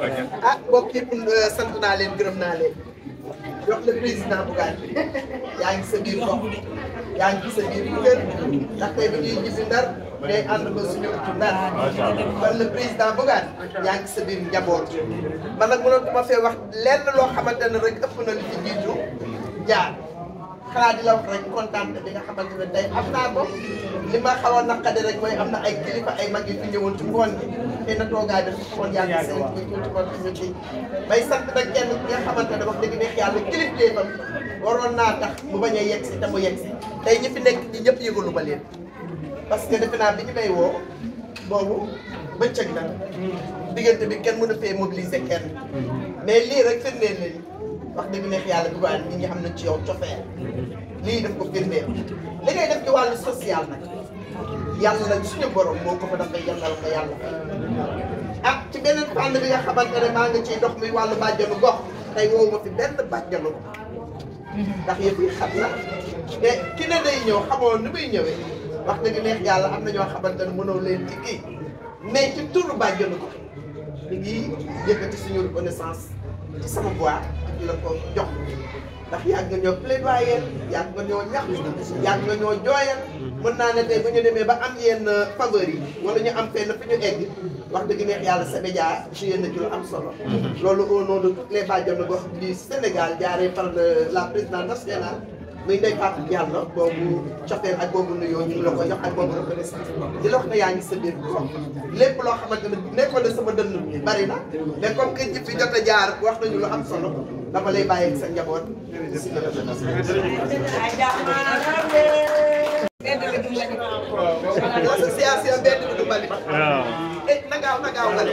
ah mbokk yi euh, sant naa leen gërëm naa leen jox le président Bougane yaa ngi sa biir gox yaa ngi sa biir kër ndax tey bi ñuy ñibbi ndar day ànd ba suñu ëttu ndar kon le président Bougane yaa ngi sa biir njaboot man nag mënoon ma fee wax lenn loo xamante ne rek ëpp na lu ci jiitu jaar. xanaa di la wax rek kontaan bi nga xamante ne tey am naa ko li ma xaw a naqadi rek mooy am na ay kilifa ay mag yi fi ñëwoon ci ngoon bi xëy na toogaay bi su koon yàgg seen bi tuuti kon ñu ci may sant nag kenn ki nga xamante ne wax dëgg neex yàlla kilif léefam waroon naa tax mu bañ a yegg si te mu yegg si tey ñi fi nekk ñi ñëpp yëgalu ma leen parce que defe naa bi ñu may woo boobu bëccëg na diggante bi kenn mën a fee mobiliser kenn mm-hmm. mais lii rek firndeel leen wax dëgg neex yàlla bi waaye nit ñi xam nañ ci yow cofeel lii daf ko firndeel li ngay def ci wàllu social nag yàlla suñu borom moo ko fa dafay yàllal ko yàlla ah ci beneen fànn bi nga xamante ne maa ngi ciy dox muy wàllu bàjjanu gox tey woowu ma fi benn bàjjanu ndax yëpp yi xam na te ki ne day ñëw xamoon ni muy ñëwee wax dëgg neex yàlla am na ñoo xamante ne mënoo leen ci kii mais ci turu bàjjanu gox mi ngi yëkkati suñu reconnaissance ci sama voix di la ko jox ndax yàgg nga ñoo plaidoyer yàgg nga ñoo ñax yàgg nga ñoo jooyal mën naa ne tey bu ñu demee ba am yenn faveur yi wala ñu am fenn fi ñu egg wax dëgg neex yàlla Sébédia joué na ci am solo mm-hmm. loolu au nom de toutes les bàjjenu gox du Sénégal jaaree par la présidente nationale muy Ndeye a Diallo boobu cofeel ak boobu nuyoo ko jox ak boobu reconnaissance di la wax ne yaa ngi sa biir xol lépp loo xamante ne nekkoon na sama jot a jaar wax nañu lu am solo dama lay bàyyi sa njaboot. jërëjëf association benn bi du bali. waaw. eh na gaaw na gaaw nga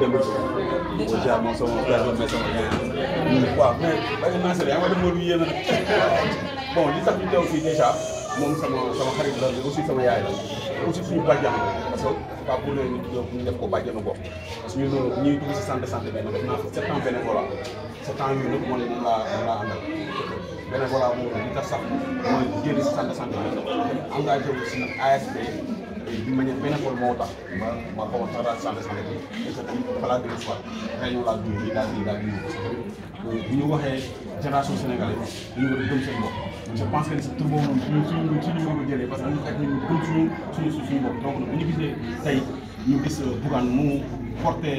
démb bi. incha moom sama frère la mais sama gars. waaw mais bàyyi naa sëriñ yaa ngi ma dem yéen a nag bon li tax ñu teew fii dèjà moom sama sama xarit la aussi sama yaay la aussi suñu bàjjan parce que pas pour ne ñu ñu def ko bàjjanu bopp parce que ñun ñuy dugg si centre de santé benn def naa fa sept ans bénévolat sept ans yooyu nag moom la moom laa àndal bénévolat boobu li tax sax mooy génn si centre de santé benn engagé wu si nag ASP d'une manière bénévole moo tax ma ma xaw a traçé sànq sànq bi parce que tamit balaa déglu si waat réunion laa dund laa déglu laa ñu waxee génération sénégalaise dañu war a gëm seen bopp. je pense que si tur boobu noonu suñu suñu suñu mën jëlee parce que dañu fekk ñu gëm suñu suñu suñu mu porté.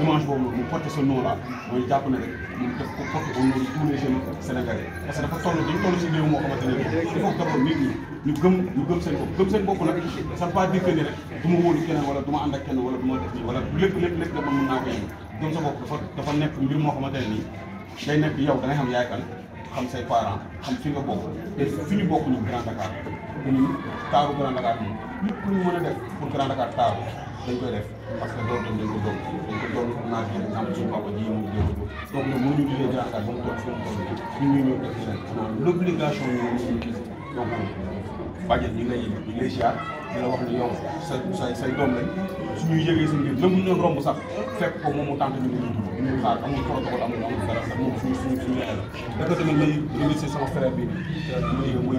image boobu noonu mu porté ce nom là mooy jàpp na rek ñun daf ko porté au rek du ma wóolu keneen wala du ma ànd ak keneen du ma def nii wala lépp lépp lépp dama mën naa ko nekk moo xamante ne nii day nekk yow da ngay xam yaay kan xam say parents xam fi bokk te fi ñu bokk ñu Grand Dakar taaru Grand Dakar bi lépp lu a taaru dañ koy def parce que loolu dañ ko doon dañ ko doon naaj bi mu toog la wax ne yow say say say doom lañ suñuy yëgee seen biir même bu ñu romb sax fekk ko moom mu tànk ñu ngi ñu ñu xaar amul protocole amul amul dara sax moom suñu suñu suñu la. dëgg tamit lay remercier sama muy muy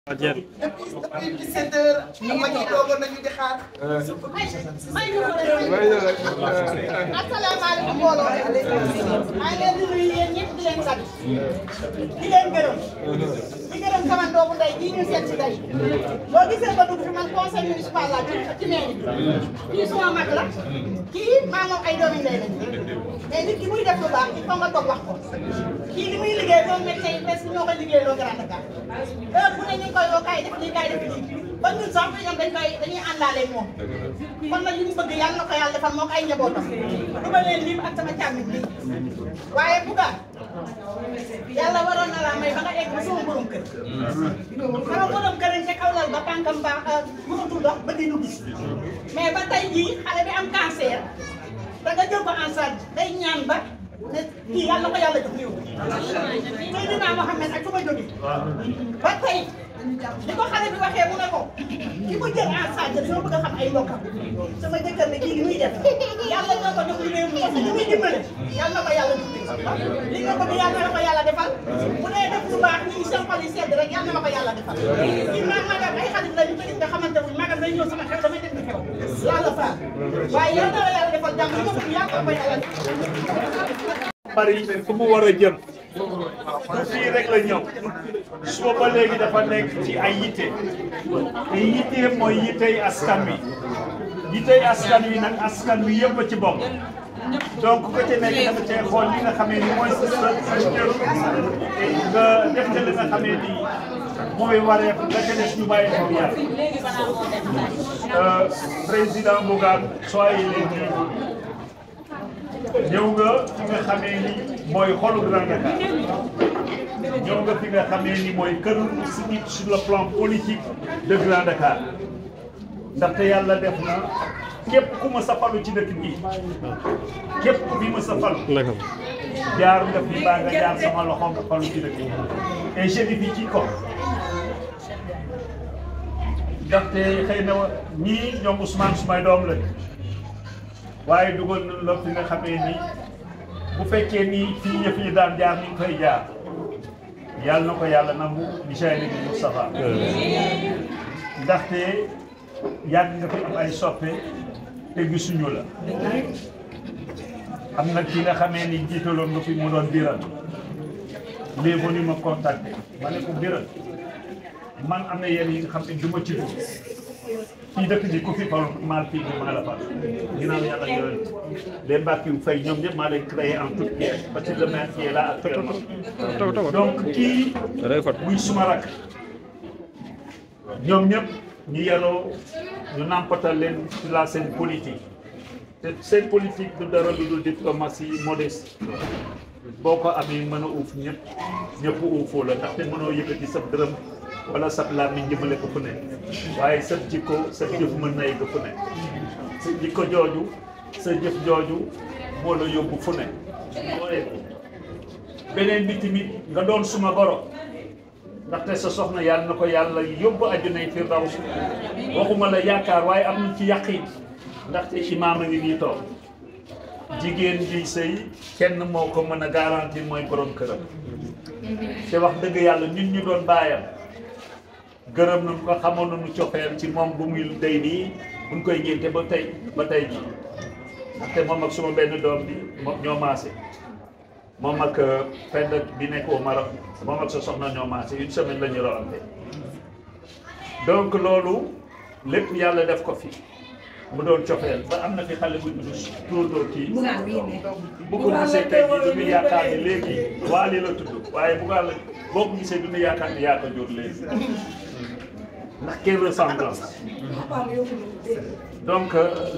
Fadiane. depuis 17 heures. ñu ngi toogoon nañu di xaar. asalaamaaleykum mbooloo. maa ngi leen di nuyu yéen ñëpp di leen sant. di leen gërëm. di gërëm sama doomu ndey ji ñu seet si tey. boo gisee ba dugg fi man conseil municipal laa ci mairie. kii suma mag la. kii maa moom ay doomi ndey lañ mais nit ki muy def lu baax il faut nga toog wax ko kii li muy liggéey loolu métier yi presque ñoo liggéey loo Grand Dakar heure bu ne ñu koy woo kaay def lii kaay def lii ba ñun sax ñoom dañ koy dañuy àndaale moom kon nag ma leen lim ak sama càmmit waaye buga yàlla waroon na laa may ba nga egg ba sama borom kër sama borom kër rek aw lal ba tànkam baax euh, mënatul dox ba dinu gis mais ba tey jii da nga jël ba ne kii yàlla ko yàlla jox réew. Seydina Mohamed ak su ma jógee. ba tey. ni ko xale bi waxee mu ne ko ki ko jël en charge dañoo bëgg a xam ay mbokkam sama jëkkër ne kii li muy def yàlla na ko jox li réew mi parce que li muy dimbale yàlla na ko yàlla dimbale li nga bëgg yàlla na ko yàlla defal bu dee def lu baax ñu seen xol yi sedd rek yàlla na ko yàlla defal ci man magam ay xarit la ñu bëgg nga xamante ne magam day ñëw sama xew damay dem xew loolu fa waaye yàlla na ko yàlla defal jàmm li nga bëgg yàlla na ko yàlla defal bari fu mu war a jëm fii rek la ñëw soo ba léegi dafa nekk ci ay yitte te yitte mooy yittey askan wi yittey askan wi nag askan wi yëpp ci bokk donc ku ci nekk dafa cee xool li nga xamee ni mooy sa sa nga def wareef nga ca des bàyyi ko yàlla euh, président Bougane soyez les bienvenus ñëw nga fi nga xamee ni mooy xolu Grand Dakar ñëw nga fi nga xamee ni mooy këru sigid sur le plan politique de Grand Dakar ndaxte yàlla def na képp ku ma safalu ci dëkk bi képp ku fi ma jaar nga fi baa nga jaar sama loxo nga falu ci dëkk bi et jeudi bi ci ko ndaxte xëy na ñii ñoom Ousmane sumay doom lañ waaye dugal nañ la fi nga xamee ni bu fekkee ni fii ñëpp yi daan jaar ñu ngi koy jaar yàlla na ko yàlla nangu bi shahidati Moustapha ndaxte yàgg nga fi am ay soppe te gisuñu la am na ki nga xamee ni jiitaloon nga fi mu doon biral léegi ni ma contacté ma ne ko biral man am na yenn yi nga xam ne du ma ci dugg kii dëkk ji ku fi xool maal fii bi maa ya, la fa ginnaaw yàlla yooyu les mbàkk yu fay ñoom ñëpp maa leen créé en toute pièce parce que le maire qui est là actuellement donc kii muy suma rak ñoom ñëpp ñu yaroo ñu nampatal leen ci la seen politique te seen politique du dara lu diplomatie modeste boo ko amee mën a uuf ñëpp ñëpp uufoo la ndaxte mënoo sa dërëm wala sab làmmiñ jëmale ko fu ne waaye sab jikko sa jëf mën na yegg fu ne sa jooju jëf jooju moo la yóbbu fu ne beneen bi tamit nga doon suma goro ndaxte sa soxna yàlla na ko yàlla yóbbu àjjana firdaws waxuma la yaakaar waaye am na ci yàqiin ndaxte imaam a ngi nii toog jigéen ji sëy kenn moo ko mën a garanti mooy borom këram te wax dëgg yàlla ñun ñu doon baayam gërëm nañ ko xamoon nañu cofeel ci moom bu muy day nii buñ koy ngénte ba tey ba tey ji ndaxte moom ak suma benn doom bi moom ñoo maase moom ak euh, pend bi nekk au Maroc moom ak sa soxna ñoo maase une semaine la ñu rawante donc loolu lépp yàlla def ko fi mu doon cofeel ba am na fi xale bu ñu tuddoo kii bugg gisee tey jii du yaakaar ni léegi waali la tudd waaye buggaa la boo ko gisee du ñu yaakaar ni yaa jur léegi ndax quelle ressemblance donc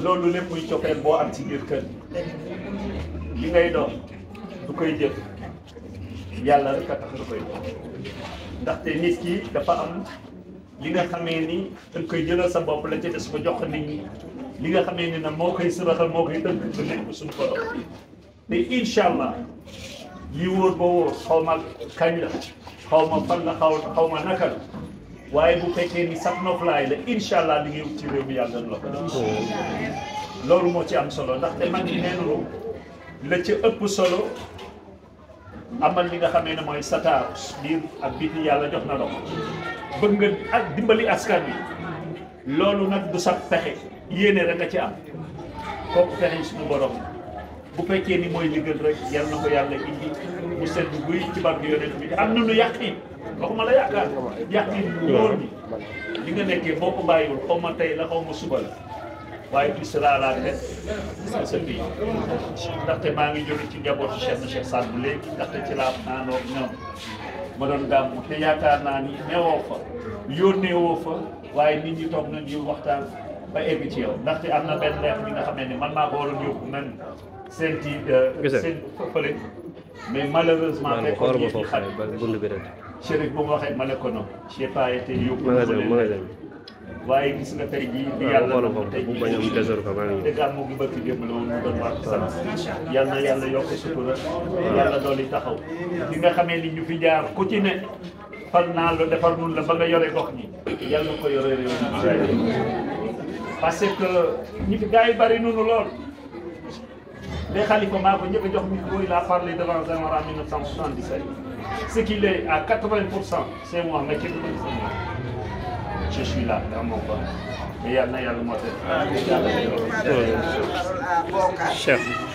loolu lépp muy coppeel boo am ci kër li ngay doon du koy jëf yàlla rek a tax nga koy doon ndaxte nit ki dafa am li nga xamee ni danga koy jëlal sa bopp la ca des ko jox li nga xamee ni nag moo koy saraxal moo koy dënk du nekk suñu ko te incha allah lii wóor boo wóor xaw ma kañ la xaw ma fan la xaw ma naka waaye bu fekkee ni sax noflaay la incha allah li ngay ci réew mi yàlla la ko def loolu moo ci am solo ndaxte mag ñi nee nañu la ca ëpp solo amal li nga xamee ne mooy sataar biir ak biti yàlla jox na loxo bëgg nga ak dimbali askan wi loolu nag du sax pexe yéene rek nga ci am kooku pexe suñu borom bu fekkee ni mooy liggéey rek yal na ko yàlla indi mu sedd buy ci barke yonent bi am nañu yàqin waxuma la yaakaar yàqin wóor bi li nga nekkee boo ko bàyyiwul xaw ma tey la xaw ma suba la waaye tu seras à la tête de ce pays ndaxte maa ngi jóge ci njabootu Cheikh na Cheikh Saad ndaxte ci laa naanoo ñoom ma doon gàmmu te yaakaar naa ni newoo fa yónnee fa waaye nit ñi toog nañ ñu waxtaan ba egg ci yow ndaxte am na benn leer bi nga xam ne ni man maa ko yóbbu man seen ci seen fële mais malheureusement rek ko yéen ñi xam Chérif bu ma waxee ma ne ko non j'ai pas été yóbbu waaye gis nga tey jii di ah, yàlla doon tey jii ba gàmmu gi bëgg démb la woon mu doon wax sant na yàlla yokk sutura yàlla dolli taxaw bi nga xamee ni ñu fi jaar ku ci ne fal naa la defar nun la ba nga yore gox ñi yàlla ko yore réew mi parce que ñi fi gars yi bari nunu lool mais Khalifa m'ont dit njëkk a il a parlé devant Zamara en 1977 ce qu'il est à 80 c'est moi mais kenn duñu ko je suis là dans mon coin mais yàlla na yàlla moo tax.